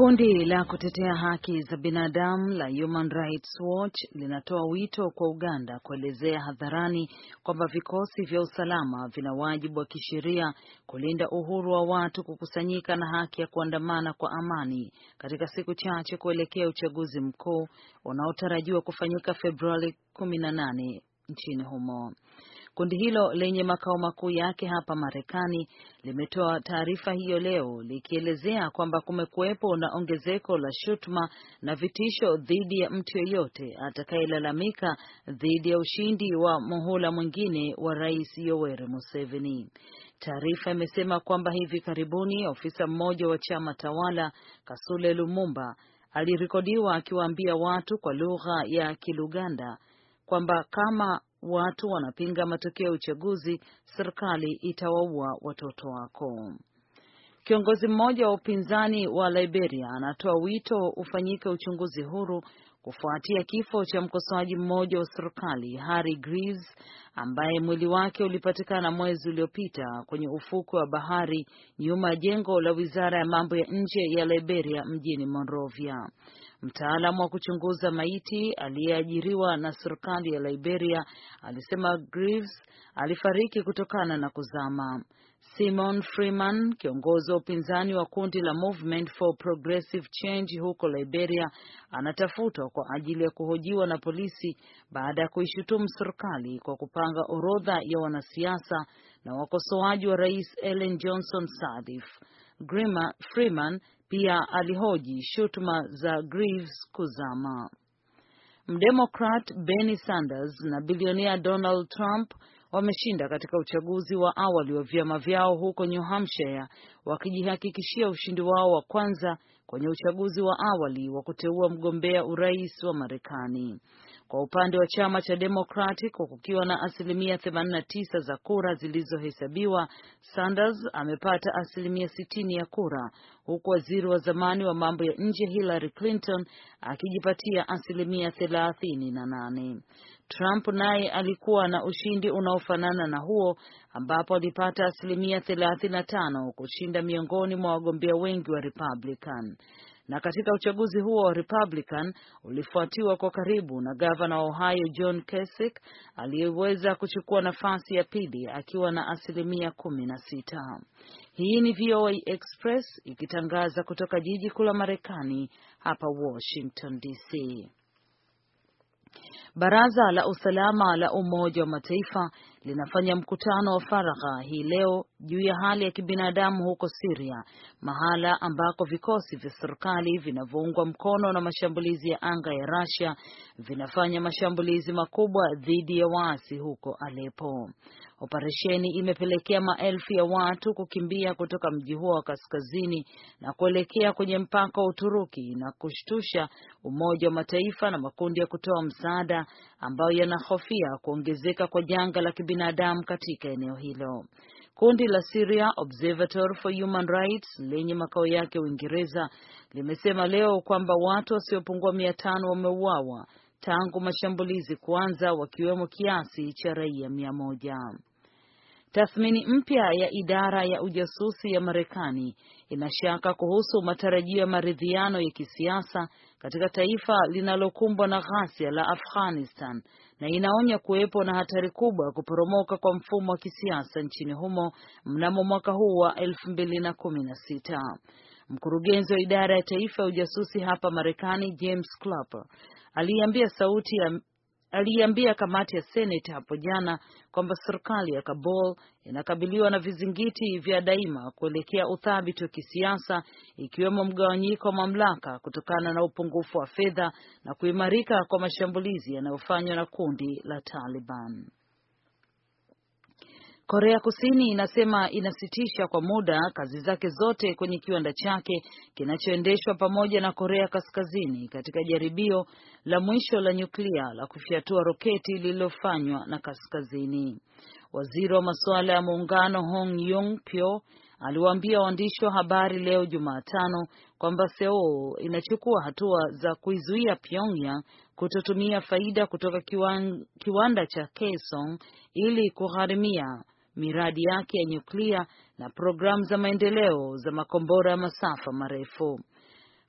Kundi la kutetea haki za binadamu la Human Rights Watch linatoa wito kwa Uganda kuelezea hadharani kwamba vikosi vya usalama vina wajibu wa kisheria kulinda uhuru wa watu kukusanyika na haki ya kuandamana kwa amani katika siku chache kuelekea uchaguzi mkuu unaotarajiwa kufanyika Februari 18 nchini humo. Kundi hilo lenye makao makuu yake hapa Marekani limetoa taarifa hiyo leo likielezea kwamba kumekuwepo na ongezeko la shutuma na vitisho dhidi ya mtu yeyote atakayelalamika dhidi ya ushindi wa muhula mwingine wa Rais Yoweri Museveni. Taarifa imesema kwamba hivi karibuni ofisa mmoja wa chama tawala Kasule Lumumba alirekodiwa akiwaambia watu kwa lugha ya Kiluganda kwamba kama watu wanapinga matokeo ya uchaguzi, serikali itawaua watoto wako. Kiongozi mmoja wa upinzani wa Liberia anatoa wito ufanyike uchunguzi huru kufuatia kifo cha mkosoaji mmoja wa serikali Harry Greaves ambaye mwili wake ulipatikana mwezi uliopita kwenye ufukwe wa bahari nyuma ya jengo la wizara ya mambo ya nje ya Liberia mjini Monrovia. Mtaalamu wa kuchunguza maiti aliyeajiriwa na serikali ya Liberia alisema Greaves alifariki kutokana na kuzama. Simon Freeman, kiongozi wa upinzani wa kundi la Movement for Progressive Change huko Liberia, anatafutwa kwa ajili ya kuhojiwa na polisi baada ya kuishutumu serikali kwa kupanga orodha ya wanasiasa na wakosoaji wa Rais Ellen Johnson Sirleaf. Freeman pia alihoji shutuma za Greaves kuzama. Mdemokrat Bernie Sanders na bilionea Donald Trump wameshinda katika uchaguzi wa awali wa vyama vyao huko New Hampshire, wakijihakikishia ushindi wao wa kwanza kwenye uchaguzi wa awali wa kuteua mgombea urais wa Marekani. Kwa upande wa chama cha Democratic, kwa kukiwa na asilimia 89 za kura zilizohesabiwa, Sanders amepata asilimia 60 ya kura, huku waziri wa zamani wa mambo ya nje Hillary Clinton akijipatia asilimia 38. Trump naye alikuwa na ushindi unaofanana na huo ambapo alipata asilimia 35 kushinda miongoni mwa wagombea wengi wa Republican na katika uchaguzi huo wa Republican ulifuatiwa kwa karibu na gavana wa Ohio John Kasich aliyeweza kuchukua nafasi ya pili akiwa na asilimia kumi na sita. Hii ni VOA Express ikitangaza kutoka jiji kuu la Marekani hapa Washington DC. Baraza la Usalama la Umoja wa Mataifa linafanya mkutano wa faragha hii leo juu ya hali ya kibinadamu huko Siria, mahala ambako vikosi vya serikali vinavyoungwa mkono na mashambulizi ya anga ya Russia vinafanya mashambulizi makubwa dhidi ya waasi huko Aleppo. Operesheni imepelekea maelfu ya watu kukimbia kutoka mji huo wa kaskazini na kuelekea kwenye mpaka wa Uturuki na kushtusha Umoja wa Mataifa na makundi ya kutoa msaada ambayo yanahofia kuongezeka kwa janga la kibinadamu katika eneo hilo. Kundi la Syria Observatory for Human Rights lenye makao yake Uingereza limesema leo kwamba watu wasiopungua mia tano wameuawa tangu mashambulizi kuanza, wakiwemo kiasi cha raia mia moja. Tathmini mpya ya idara ya ujasusi ya Marekani inashaka kuhusu matarajio ya maridhiano ya kisiasa katika taifa linalokumbwa na ghasia la Afghanistan na inaonya kuwepo na hatari kubwa ya kuporomoka kwa mfumo wa kisiasa nchini humo mnamo mwaka huu wa 2016. Mkurugenzi wa idara ya taifa ya ujasusi hapa Marekani James Clapper aliambia Sauti ya aliambia kamati ya Seneti hapo jana kwamba serikali ya Kabul inakabiliwa na vizingiti vya daima kuelekea uthabiti wa kisiasa, ikiwemo mgawanyiko wa mamlaka kutokana na upungufu wa fedha na kuimarika kwa mashambulizi yanayofanywa na kundi la Taliban. Korea Kusini inasema inasitisha kwa muda kazi zake zote kwenye kiwanda chake kinachoendeshwa pamoja na Korea Kaskazini katika jaribio la mwisho la nyuklia la kufyatua roketi lililofanywa na Kaskazini. Waziri wa masuala ya muungano Hong Yong Pyo aliwaambia waandishi wa habari leo Jumatano kwamba Seoul inachukua hatua za kuizuia Pyongyang kutotumia faida kutoka kiwanda cha Kaesong ili kugharimia miradi yake ya nyuklia na programu za maendeleo za makombora ya masafa marefu.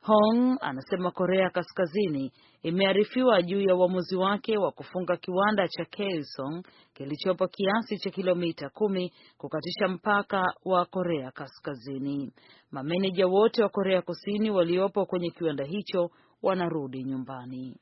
Hong anasema Korea Kaskazini imearifiwa juu ya uamuzi wake wa kufunga kiwanda cha Kaesong kilichopo kiasi cha kilomita kumi kukatisha mpaka wa Korea Kaskazini. Mameneja wote wa Korea Kusini waliopo kwenye kiwanda hicho wanarudi nyumbani.